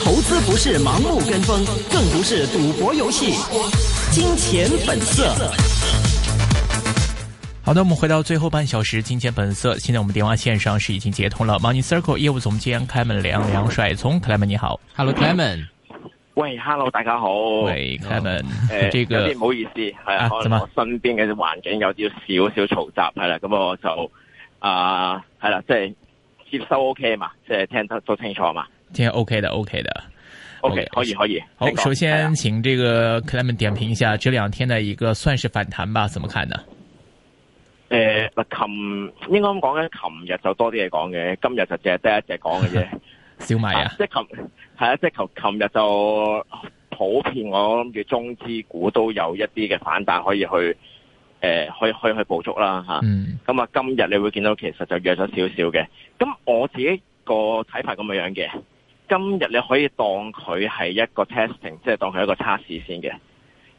投資不是盲目跟風，更不是賭博遊戲。金錢本色。好的，我們回到最後半小時，金錢本色。現在我們電話線上是已經接通了，Money Circle 業務總監 Clement 梁梁帥聰，Clement 你好。Hello，Clement 喂，Hello，大家好。喂，Clement。誒，這個有啲唔好意思，係我身邊嘅環境有啲少少嘈雜，係啦，咁我就啊，係啦，即係。接收 OK 嘛，即係聽得都清楚嘛，聽 OK 的 OK 的，OK 可以可以。好，首先請這個 Clement 點評一下這兩天的一個算是反彈吧，mm-hmm. 怎麼看呢？誒、呃，嗱，琴應該咁講咧，琴日就多啲嘢講嘅，今日就淨係得一隻講嘅啫。小米啊，即係琴係啊，即係琴琴日就普遍我諗住中資股都有一啲嘅反彈可以去。誒，可以可以去捕捉啦，吓、嗯，咁啊，今日你會見到其實就弱咗少少嘅。咁我自己個睇法咁樣嘅，今日你可以當佢係一個 testing，即係當佢一個測試先嘅。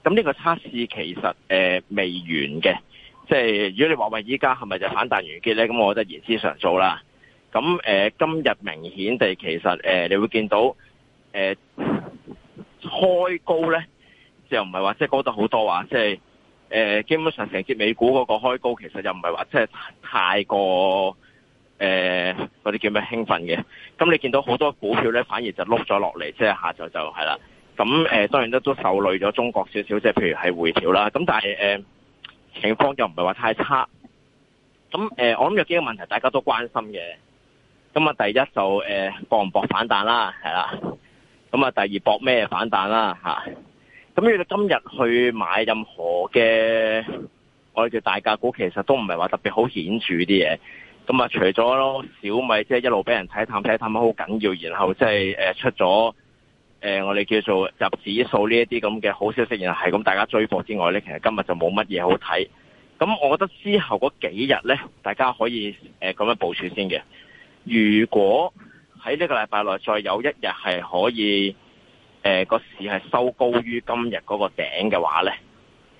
咁呢個測試其實誒、呃、未完嘅，即係如果你話話依家係咪就反彈完結咧，咁我覺得言之尚早啦。咁誒、呃，今日明顯地其實誒、呃，你會見到誒、呃、開高咧，就唔係話即係高得好多話，即係。誒、呃、基本上成節美股嗰個開高，其實又唔係話即係太過誒嗰啲叫咩興奮嘅。咁你見到好多股票咧，反而就碌咗落嚟，即係下晝就係啦。咁誒、呃、當然啦，都受累咗中國少少，即係譬如係回調啦。咁但係誒，情、呃、況又唔係話太差。咁誒、呃，我諗有幾個問題大家都關心嘅。咁啊，第一就誒搏唔搏反彈啦，係啦。咁啊，第二搏咩反彈啦，吓。咁要你今日去買任何嘅我哋叫大價股，其實都唔係話特別好顯著啲嘢。咁啊，除咗咯，小米即係一路俾人睇探睇探，好緊要，然後即係誒出咗誒我哋叫做入指數呢一啲咁嘅好消息，然後係咁大家追貨之外呢，其實今日就冇乜嘢好睇。咁我覺得之後嗰幾日呢，大家可以誒咁樣部署先嘅。如果喺呢個禮拜內再有一日係可以。誒、呃，個市係收高於今日嗰個頂嘅話咧，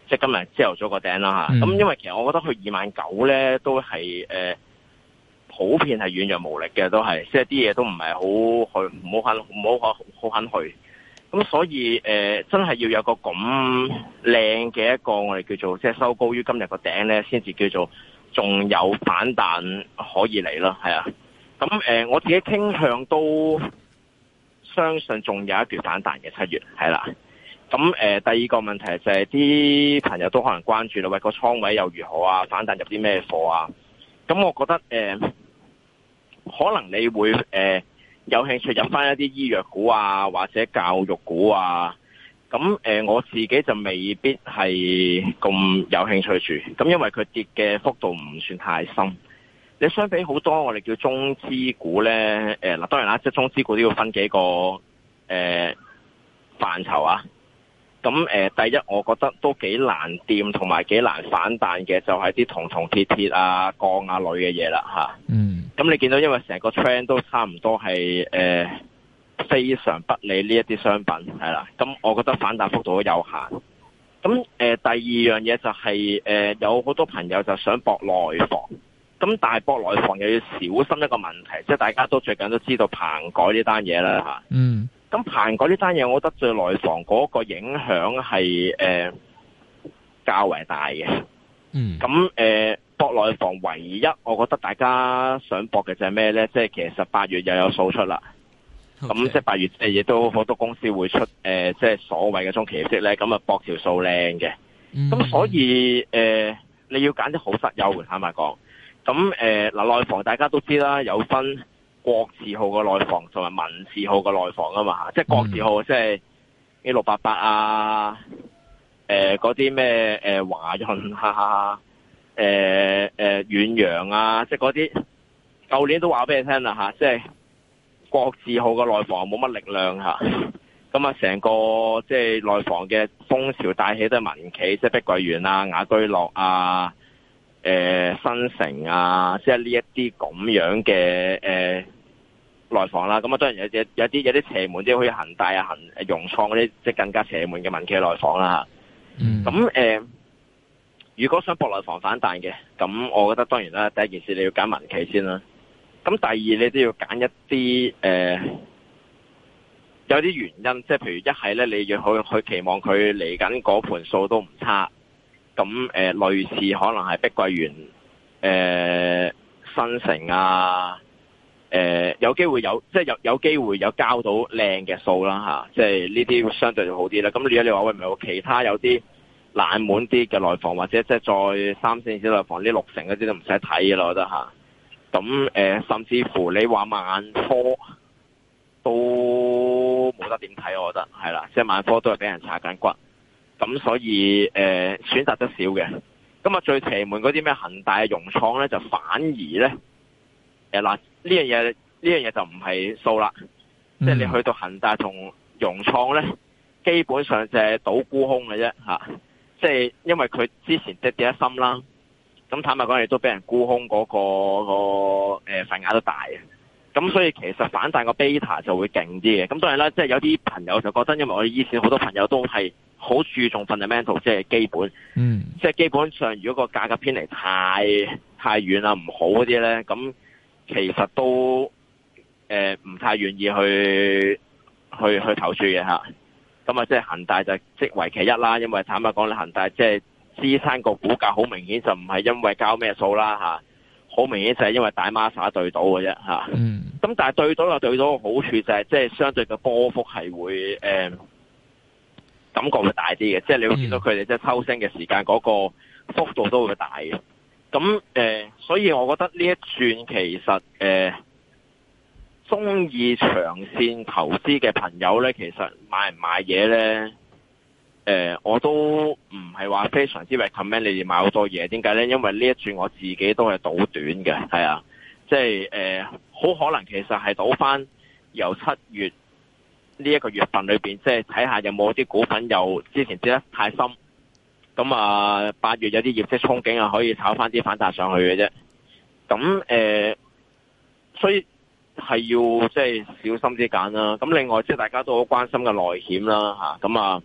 即係今日朝頭早個頂啦吓。咁、嗯、因為其實我覺得佢二萬九咧，都係誒普遍係軟弱無力嘅，都係即係啲嘢都唔係好去，唔好肯，唔好好肯去。咁所以誒、呃、真係要有個咁靚嘅一個，一個我哋叫做即係、就是、收高於今日個頂咧，先至叫做仲有反彈可以嚟咯，係啊。咁誒、呃，我自己傾向都相信仲有一段反彈嘅七月，係啦。咁、呃、第二個問題就係、是、啲朋友都可能關注啦，喂、哎，個倉位又如何啊？反彈入啲咩貨啊？咁我覺得、呃、可能你會、呃、有興趣入翻一啲醫藥股啊，或者教育股啊。咁、呃、我自己就未必係咁有興趣住，咁因為佢跌嘅幅度唔算太深。你相比好多我哋叫中資股咧，誒、呃、嗱，當然啦，即係中資股都要分幾個誒範疇啊。咁誒、呃，第一我覺得都幾難掂，同埋幾難反彈嘅，就係啲銅銅鐵鐵啊、鋼啊類嘅嘢啦，吓、啊。嗯。咁你見到因為成個 trend 都差唔多係誒、呃、非常不利呢一啲商品係啦，咁我覺得反彈幅度都有限。咁誒、呃，第二樣嘢就係、是、誒、呃、有好多朋友就想博內房。咁但係博內房又要小心一個問題，即係大家都最近都知道棚改呢單嘢啦，嗯。咁棚改呢單嘢，我覺得最內房嗰個影響係誒、呃、較為大嘅。嗯。咁誒、呃，博內房唯一我覺得大家想博嘅就係咩咧？即係其實八月又有數出啦。咁、okay. 即係八月亦都好多公司會出、呃、即係所謂嘅中期息咧。咁啊，博條數靚嘅。咁、嗯、所以誒、呃，你要揀啲好質優嘅，坦白講。咁嗱、呃，內房大家都知啦，有分國字號嘅內房同埋民字號嘅內房啊嘛，即係國字號即係 A 六八八啊，嗰啲咩華潤啊，誒、呃、誒、呃、遠洋啊，即係嗰啲舊年都話俾你聽啦、啊、即係國字號嘅內房冇乜力量嚇，咁啊成個即係內房嘅風潮帶起都係民企，即係碧桂園啊、雅居樂啊。誒、呃，新城啊，即係呢一啲咁樣嘅誒內房啦，咁啊當然有啲有啲有啲邪門，即係好似恒大啊、恒融創嗰啲，即係更加邪門嘅民企內房啦吓。咁、嗯、誒、呃，如果想博內房反彈嘅，咁我覺得當然啦，第一件事你要揀民企先啦。咁第二你都要揀一啲誒、呃、有啲原因，即係譬如一係咧，你要去去期望佢嚟緊嗰盤數都唔差。咁誒、呃，類似可能係碧桂園、誒、呃、新城啊，誒、呃、有機會有，即係有有機會有交到靚嘅數啦嚇、啊，即係呢啲相對就好啲啦。咁如果你話喂，唔係其他有啲冷門啲嘅內房或者即係再三線小內房呢六成嗰啲都唔使睇嘅咯，我覺得嚇。咁、啊、誒、啊，甚至乎你話萬科都冇得點睇，我覺得係啦，即係萬科都係俾人查緊骨。咁所以誒、呃、選擇得少嘅。咁啊最邪門嗰啲咩恒大嘅融創咧，就反而咧，嗱呢樣嘢呢樣嘢就唔係數啦，即、嗯、係、就是、你去到恒大同融創咧，基本上就係倒沽空嘅啫嚇，即係因為佢之前跌得深啦，咁坦白講亦都俾人沽空嗰、那個、那個份額、呃、都大嘅，咁所以其實反彈個 beta 就會勁啲嘅。咁當然啦，即、就、係、是、有啲朋友就覺得，因為我哋依線好多朋友都係。好注重 fundamental，即係基本，嗯，即係基本上，如果個價格偏離太太遠啦，唔好嗰啲咧，咁其實都誒唔、呃、太願意去去去投注嘅吓。咁啊，即係恒大就即為其一啦，因為坦白講你恒大即係支撐個股價好明顯就唔係因為交咩數啦吓，好明顯就係因為大孖沙對賭嘅啫吓。咁但係對到又對到個好處就係、是、即係相對嘅波幅係會誒。呃感覺會大啲嘅，即係你會見到佢哋即係抽升嘅時間嗰個幅度都會大嘅。咁誒、呃，所以我覺得呢一轉其實誒，鍾、呃、意長線投資嘅朋友呢，其實買唔買嘢呢？誒、呃，我都唔係話非常之 recommend 你哋買好多嘢。點解呢？因為呢一轉我自己都係賭短嘅，係啊，即係誒，好、呃、可能其實係賭翻由七月。呢、這、一個月份裏邊，即係睇下有冇啲股份又之前跌得太深，咁啊八月有啲業績憧憬啊，可以炒翻啲反彈上去嘅啫。咁誒、呃，所以係要即係小心啲揀啦。咁另外即係大家都好關心嘅內險啦，嚇咁啊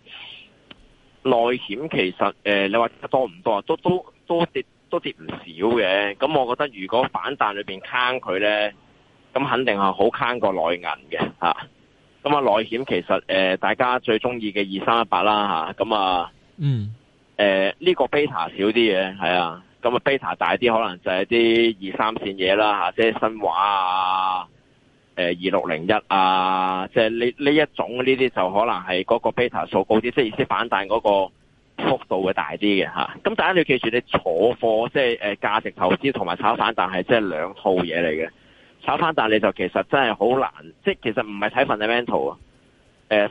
內險其實誒、呃，你話多唔多啊？都都都跌都跌唔少嘅。咁我覺得如果反彈裏邊坑佢咧，咁肯定係好坑過內銀嘅嚇。啊咁啊，內險其實、呃、大家最中意嘅二三一八啦嚇，咁啊，嗯，呢、呃呢個 beta 少啲嘅，係啊，咁啊 beta 大啲，可能就係啲二三線嘢啦嚇，即係新華啊，誒二六零一啊，即係呢呢一種呢啲就可能係嗰個 beta 數高啲，即係意思反彈嗰個幅度會大啲嘅嚇。咁大家要記住，你坐貨即係、誒、價值投資同埋炒反彈係即係兩套嘢嚟嘅。炒翻但你就其實真係好難，即係其實唔係睇 fundamental 啊。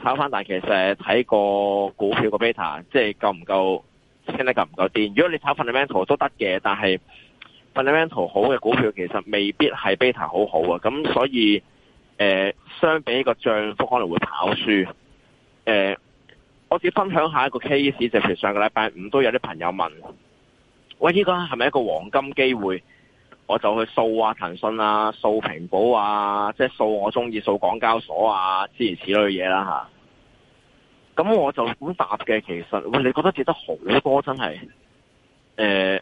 炒翻但其實係睇個股票個 beta，即係夠唔夠升得夠唔夠癲。如果你炒 fundamental 都得嘅，但係 fundamental 好嘅股票其實未必係 beta 好好啊。咁所以誒、呃，相比呢個漲幅可能會跑輸。誒、呃，我只分享下一個 case，就譬如上個禮拜五都有啲朋友問：喂，呢個係咪一個黃金機會？我就去掃啊，騰訊啊，掃蘋果啊，即係掃我中意，掃港交所啊，諸如此類嘢啦吓。咁我就咁答嘅，其實喂，你覺得跌得好？多波真係，誒、呃，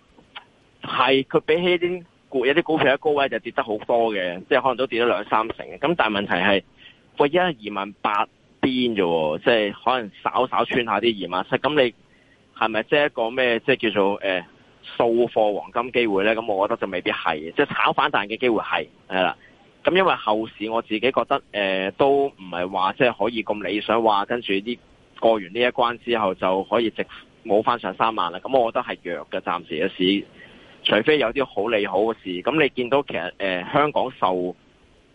係佢比起一啲股，有啲股票一，高，一高，位高位就跌得好多嘅，即係可能都跌咗兩三成。咁但係問題係，喂，一二萬八邊啫，即係可能稍稍穿下啲二萬七。咁你係咪即係一個咩？即係叫做誒。呃掃貨黃金機會呢，咁我覺得就未必係，即係炒反彈嘅機會係係啦。咁因為後市我自己覺得誒、呃，都唔係話即係可以咁理想話跟住啲過完呢一關之後就可以直冇翻上三萬啦。咁我覺得係弱嘅，暫時嘅市，除非有啲好利好嘅事。咁你見到其實誒、呃、香港受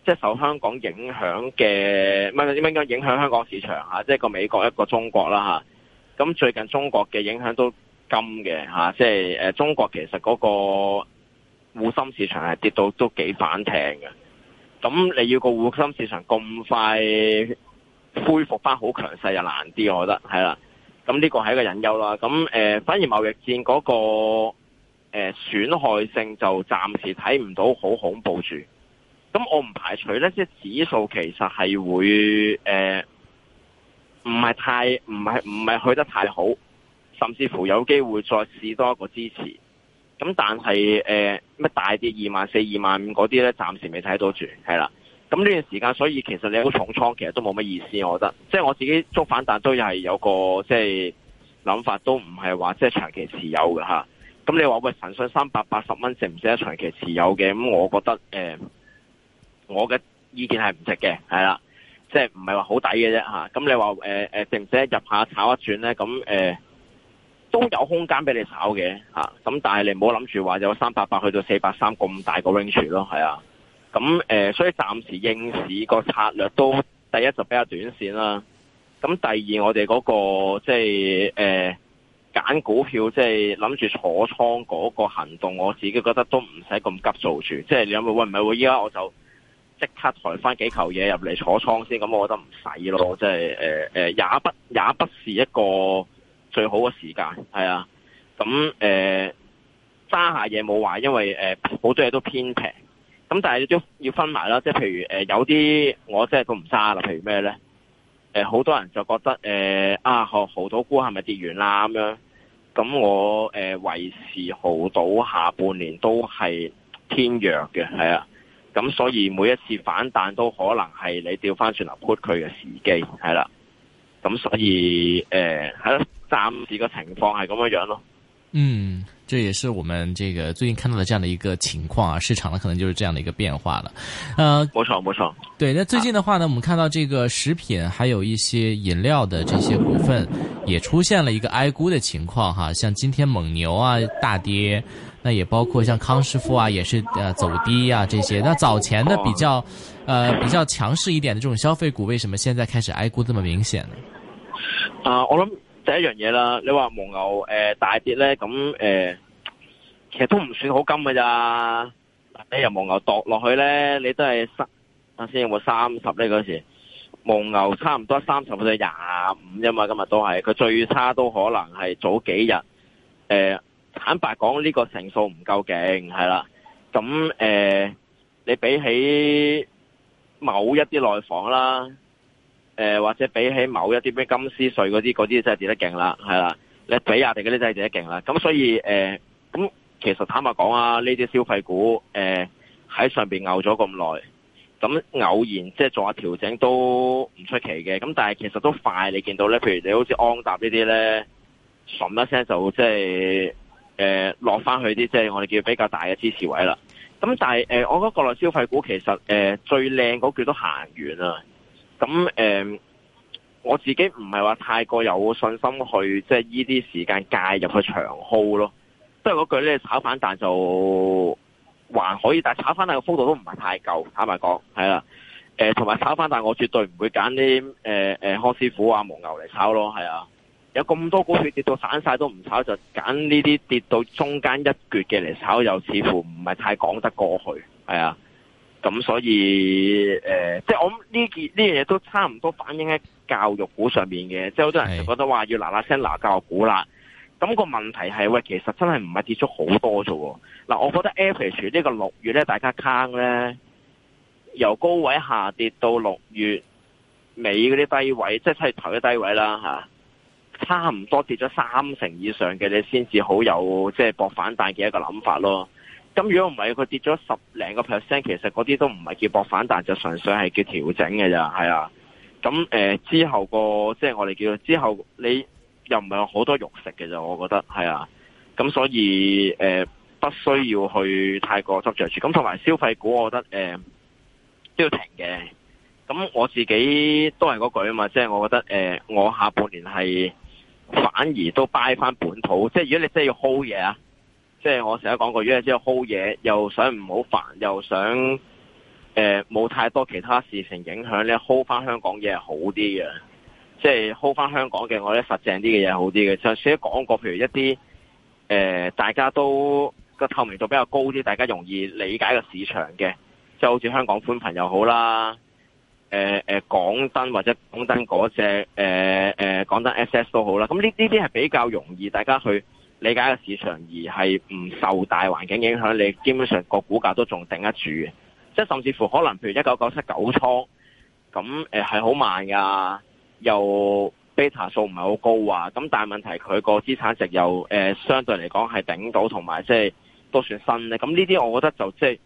即係受香港影響嘅，乜嘢點影響香港市場吓，即係個美國一個中國啦吓。咁最近中國嘅影響都。金嘅吓、啊，即係誒、呃、中國其實嗰個滬深市場係跌到都幾反艇嘅，咁你要個滬深市場咁快恢復翻好強勢又難啲，我覺得係啦，咁呢個係一個隱憂啦。咁誒、呃、反而貿易戰嗰、那個誒、呃、損害性就暫時睇唔到好恐怖住，咁我唔排除咧，即係指數其實係會誒唔係太唔係唔係去得太好。甚至乎有機會再試多一個支持，咁但係誒乜大跌二萬四、二萬五嗰啲咧，暫時未睇到住，係啦。咁呢段時間，所以其實你好重倉，其實都冇乜意思，我覺得。即係我自己捉反彈，都又係有個即係諗法，都唔係話即係長期持有嘅嚇。咁你話喂騰訊三百八十蚊值唔值？長期持有嘅咁，我，我覺得誒、呃，我嘅意見係唔值嘅，係啦，即係唔係話好抵嘅啫嚇。咁你話誒誒，值唔值入下炒一轉咧？咁都有空間俾你炒嘅吓，咁、啊、但係你唔好諗住話有三百八去到四百三咁大個 range 咯，係啊。咁、呃、誒，所以暫時應市個策略都第一就比較短線啦。咁第二我們、那個，我哋嗰個即係誒揀股票，即係諗住坐倉嗰個行動，我自己覺得都唔使咁急做住。即係有冇？喂唔係喎，依家我，我就即刻抬返幾球嘢入嚟坐倉先。咁我覺得唔使咯，即係誒誒，也不也不是一個。最好嘅時間係啊，咁誒揸下嘢冇壞，因為誒好、呃、多嘢都偏平，咁但係都要分埋啦，即係譬如誒、呃、有啲我真係都唔揸啦，譬如咩咧？誒、呃、好多人就覺得誒、呃、啊，濠濠賭股係咪跌完啦咁樣？咁我誒、呃、維持濠賭下半年都係偏弱嘅，係啊，咁所以每一次反彈都可能係你調轉船頭沽佢嘅時機，係啦，咁所以誒係咯。呃暫時的情況是咁樣樣。嗯，這也是我們這個最近看到的這樣的一個情況啊，市場呢可能就是這樣的一個變化了。呃，沒錯沒錯，對，那最近的話呢、啊，我們看到這個食品還有一些飲料的這些股份，也出現了一個捱沽的情況哈、啊。像今天蒙牛啊大跌，那也包括像康師傅啊，也是呃走低啊這些。那早前的比較，啊、呃比較強勢一點的這種消費股，為什麼現在開始捱沽這麼明顯呢？啊，我諗。第一樣嘢啦，你話蒙牛誒、呃、大跌咧，咁誒、呃、其實都唔算好金嘅咋？你由蒙牛度落去咧，你都係三，啱先有冇三十咧嗰時？蒙牛差唔多三十去到廿五啫嘛，今日都係，佢最差都可能係早幾日。誒、呃，坦白講呢個成數唔夠勁，係啦。咁誒、呃，你比起某一啲內房啦。誒、呃，或者比起某一啲咩金絲稅嗰啲，啲真係跌得勁啦，係啦，你比下哋嗰啲真係跌得勁啦。咁所以誒，咁、呃、其實坦白講啊，呢啲消費股誒喺、呃、上邊拗咗咁耐，咁偶然即係做下調整都唔出奇嘅。咁但係其實都快，你見到咧，譬如你好似安踏這些呢啲咧，冧一聲就即係誒落翻去啲，即、就、係、是、我哋叫比較大嘅支持位啦。咁但係誒、呃，我覺得國內消費股其實誒、呃、最靚嗰句都行完啦。咁誒、呃，我自己唔係話太過有信心去即係依啲時間介入去長耗咯，即係嗰句咧，炒反彈就還可以，但炒反彈嘅幅度都唔係太夠，坦白講係啦。同埋、呃、炒反彈，我絕對唔會揀啲誒誒康師傅啊、蒙牛嚟炒咯，係啊。有咁多股票跌到散曬都唔炒，就揀呢啲跌到中間一橛嘅嚟炒，又似乎唔係太講得過去，係啊。咁所以誒、呃，即係我諗呢件呢樣嘢都差唔多反映喺教育股上面嘅，即係好多人就覺得話要嗱嗱聲嗱教育股啦。咁個問題係喂，其實真係唔係跌咗好多啫喎。嗱，我覺得 Apple 呢個六月咧，大家坑咧由高位下跌到六月尾嗰啲低位，即係七月頭嘅低位啦吓，差唔多跌咗三成以上嘅，你先至好有即係博反彈嘅一個諗法咯。咁如果唔係佢跌咗十零個 percent，其實嗰啲都唔係叫博反彈，就純粹係叫調整嘅咋，係啊。咁誒、呃、之後個即係我哋叫之後，你又唔係有好多肉食嘅咋，我覺得係啊。咁所以誒、呃，不需要去太過執着住。咁同埋消費股，我覺得誒都、呃、要停嘅。咁我自己都係嗰句啊嘛，即係我覺得誒、呃，我下半年係反而都買翻本土。即係如果你真係要 hold 嘢啊！即係我成日講過，如果之後 hold 嘢，又想唔好煩，又想誒冇、呃、太多其他事情影響咧，hold 翻香港嘢係好啲嘅。即係 hold 翻香港嘅，我覺得實正啲嘅嘢係好啲嘅。就成日講過，譬如一啲誒、呃、大家都個透明度比較高啲，大家容易理解個市場嘅，即係好似香港寬頻又好啦，誒、呃、誒、呃、港燈或者港燈嗰隻誒誒、呃、港燈 SS 都好啦。咁呢呢啲係比較容易大家去。理解嘅市場，而係唔受大環境影響，你基本上個股價都仲頂得住嘅。即係甚至乎可能譬如一九九七九倉，咁呃、係好慢㗎，又 beta 數唔係好高啊。咁但係問題佢個資產值又、呃、相對嚟講係頂到，同埋即係都算新咧。咁呢啲我覺得就即係、就是、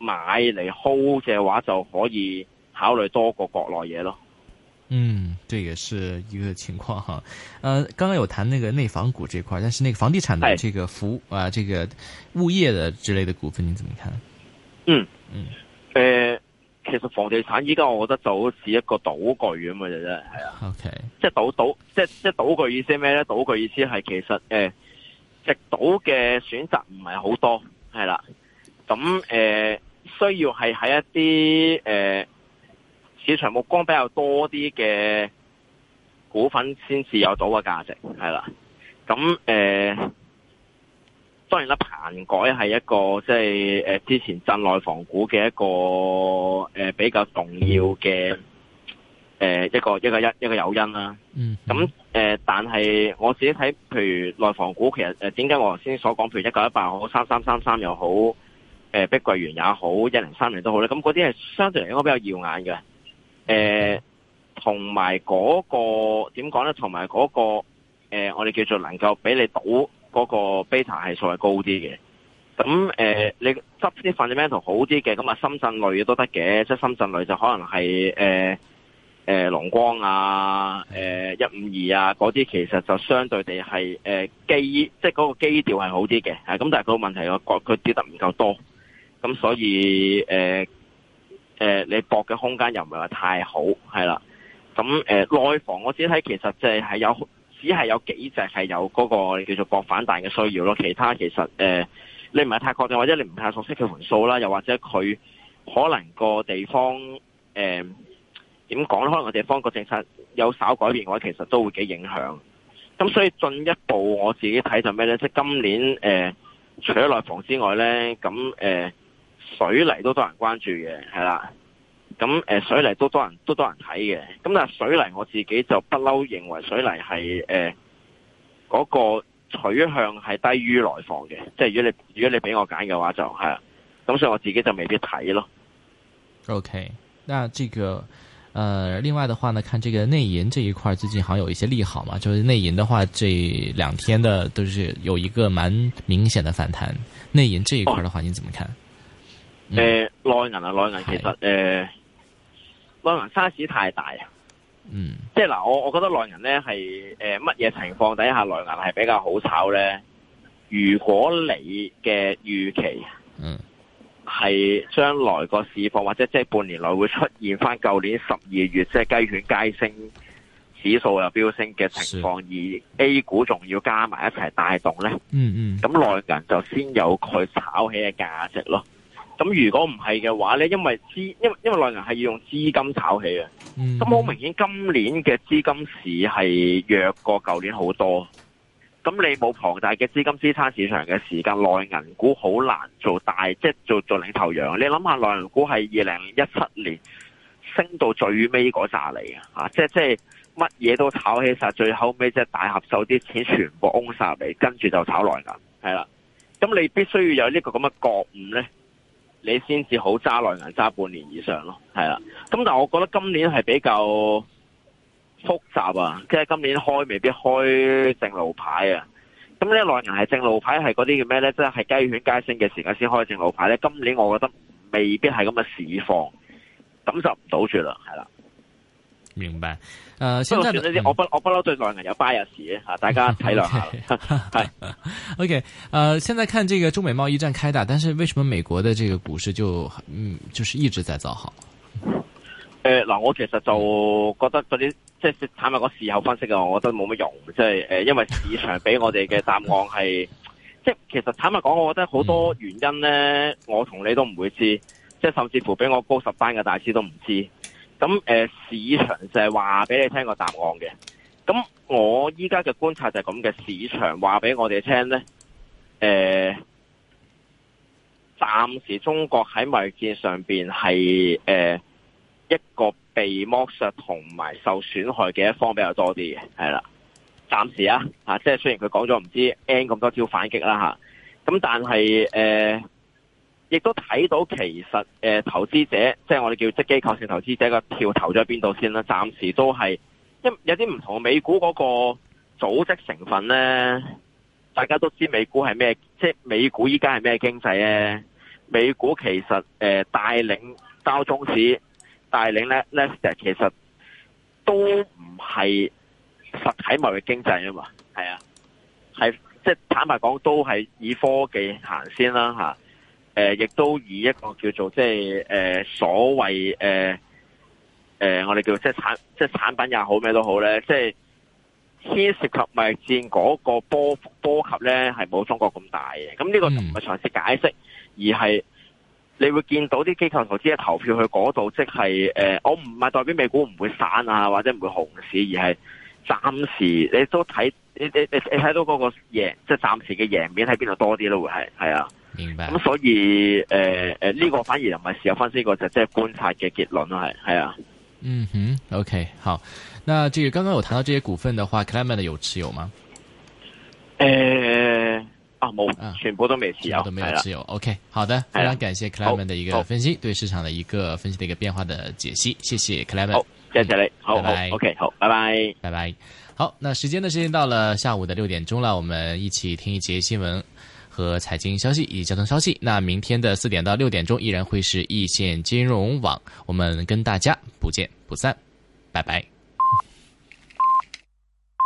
買嚟 hold 嘅話，就可以考慮多過國內嘢咯。嗯，這也是一個情況哈，呃，剛剛有談那個內房股這塊，但是那個房地產的這個服務啊，這個物業的之類的股份，你怎麼看？嗯嗯，誒、呃，其實房地產依家我覺得就好似一個賭具咁嘅啫，係、就是、啊，係、okay.，即係賭賭，即係即係賭具意思係咩咧？賭具意思係其實誒、呃，直賭嘅選擇唔係好多，係啦、啊，咁誒、呃、需要係喺一啲誒。呃市場目光比較多啲嘅股份先至有到嘅價值，係啦。咁誒、呃，當然啦，棚改係一個即係、呃、之前鎮內房股嘅一個、呃、比較重要嘅、呃、一個一個一一個誘因啦、啊。嗯。咁、呃、但係我自己睇，譬如內房股其實點解、呃、我頭先所講，譬如一九一八好，三三三三又好、呃，碧桂園也好，一零三零都好咧，咁嗰啲係相對嚟應該比較耀眼嘅。誒、呃，同埋嗰個點講咧？同埋嗰個誒、呃，我哋叫做能夠俾你倒嗰個 beta 係數，係高啲嘅。咁、呃、誒，你執啲 fundamental 好啲嘅，咁啊，深圳類都得嘅。即係深圳類就可能係誒誒，龍、呃呃、光啊，誒一五二啊，嗰啲其實就相對地係誒、呃、基，即係嗰個基調係好啲嘅。咁但係個問題個佢跌得唔夠多，咁所以誒。呃誒、呃，你搏嘅空間又唔係話太好，係啦。咁誒、呃、內房，我自己睇其實即係有，只係有幾隻係有嗰個叫做搏反彈嘅需要咯。其他其實誒、呃，你唔係太確定，或者你唔太熟悉佢盤數啦，又或者佢可能個地方誒點講咧？可能個地方個政策有稍改變嘅話，其實都會幾影響。咁所以進一步，我自己睇就咩咧？即、就、係、是、今年誒、呃，除咗內房之外咧，咁、呃、誒。水泥都多人關注嘅，係啦，咁誒水泥都多人，都多人睇嘅。咁但係水泥我自己就不嬲，認為水泥係誒嗰個取向係低於內房嘅，即係如果你如果你俾我揀嘅話就係咁所以我自己就未必睇咯。OK，那這個，呃，另外的話呢，看這個內銀這一塊最近好像有一些利好嘛，就是內銀的話這兩天的都是有一個蠻明顯的反彈，內銀這一塊的話你怎麼看？Oh. 誒、嗯、內、呃、銀啊，內銀其實誒，內銀沙士太大啊，嗯，即係嗱，我我覺得內銀咧係誒，乜嘢、呃、情況底下內銀係比較好炒咧？如果你嘅預期將、就是，嗯，係將來個市況或者即係半年內會出現翻舊年十二月即係雞犬皆升指數又飆升嘅情況，而 A 股仲要加埋一齊帶動咧，嗯嗯，咁內銀就先有佢炒起嘅價值咯。咁如果唔係嘅話呢，因為資，因為因為內銀係要用資金炒起啊。咁、嗯、好明顯今年嘅資金市係弱過舊年好多。咁你冇龐大嘅資金支撐市場嘅時間，內銀股好難做大，即係做做領頭羊。你諗下內銀股係二零一七年升到最尾嗰紮嚟嘅，啊，即即係乜嘢都炒起晒，最後尾即大合手啲錢全部掹晒嚟，跟住就炒內銀，係啦。咁你必須要有呢、呢個咁嘅覺悟呢。你先至好揸內銀揸半年以上咯，係啦。咁但係我覺得今年係比較複雜啊，即係今年開未必開正路牌啊。咁呢啲內銀係正路牌係嗰啲叫咩咧？即係係雞犬皆升嘅時間先開正路牌咧。今年我覺得未必係咁嘅市況，咁就唔到住啦，係啦。明白，誒、呃，當、嗯、我不我不嬲對內銀有 bias 嘅吓，大家體諒下係。O K，誒，現在看這個中美貿易戰開打，但是為什麼美國的這個股市就，嗯，就是一直在走好？誒，嗱，我其實就覺得嗰啲即係坦白講事後分析啊，我覺得冇乜用。即係誒，因為市場俾我哋嘅答案係，即 係其實坦白講，我覺得好多原因咧，我同你都唔會知、嗯，即係甚至乎比我高十班嘅大師都唔知。咁誒市場就係話俾你聽個答案嘅。咁我依家嘅觀察就係咁嘅，市場話俾我哋聽咧。呃、暫時中國喺貿易戰上面係、呃、一個被剝削同埋受損害嘅一方比較多啲嘅，係啦。暫時啊，即係雖然佢講咗唔知 N 咁多招反擊啦吓，咁、啊、但係、呃亦都睇到，其實投資者，即係我哋叫機構性投資者個票投咗喺邊度先啦。暫時都係一有啲唔同美股嗰個組織成分呢，大家都知美股係咩，即係美股依家係咩經濟咧？美股其實帶領交通市，帶領呢，其實都唔係實體貿易經濟啊嘛，係啊，係即係坦白講，都係以科技行先啦吓。誒、呃，亦都以一個叫做即係誒所謂誒誒，我哋叫做即係產即係產品也好，咩都好咧，即係先涉及貿易戰嗰個波波及咧，係冇中國咁大嘅。咁呢個唔係詳細解釋，而係你會見到啲機構投資嘅投票去嗰度，即係誒、呃，我唔係代表美股唔會散啊，或者唔會紅市，而係暫時你都睇你你你睇到嗰個贏，即係暫時嘅贏面喺邊度多啲咯？會係係啊。明白，咁所以誒誒呢個反而又唔係事後分析個就即、是、係觀察嘅結論咯，係係啊，嗯哼 OK 好，那這個剛剛有談到這些股份的話，Climate 有持有嗎？呃啊冇、啊，全部都未持有，都冇持有。OK 好的，的，非常感謝 Climate 的一個分析，對市場的一個分析的一個變化的解析，謝謝 Climate，再次嚟，好，謝謝你、嗯、好 bye bye，OK 好，拜拜，拜拜，好，那時間呢，時間到了下午的六點鐘了，我們一起聽一節新聞。和財經消息以及交通消息，那明天的四點到六點鐘依然會是一線金融網，我們跟大家不見不散，拜拜。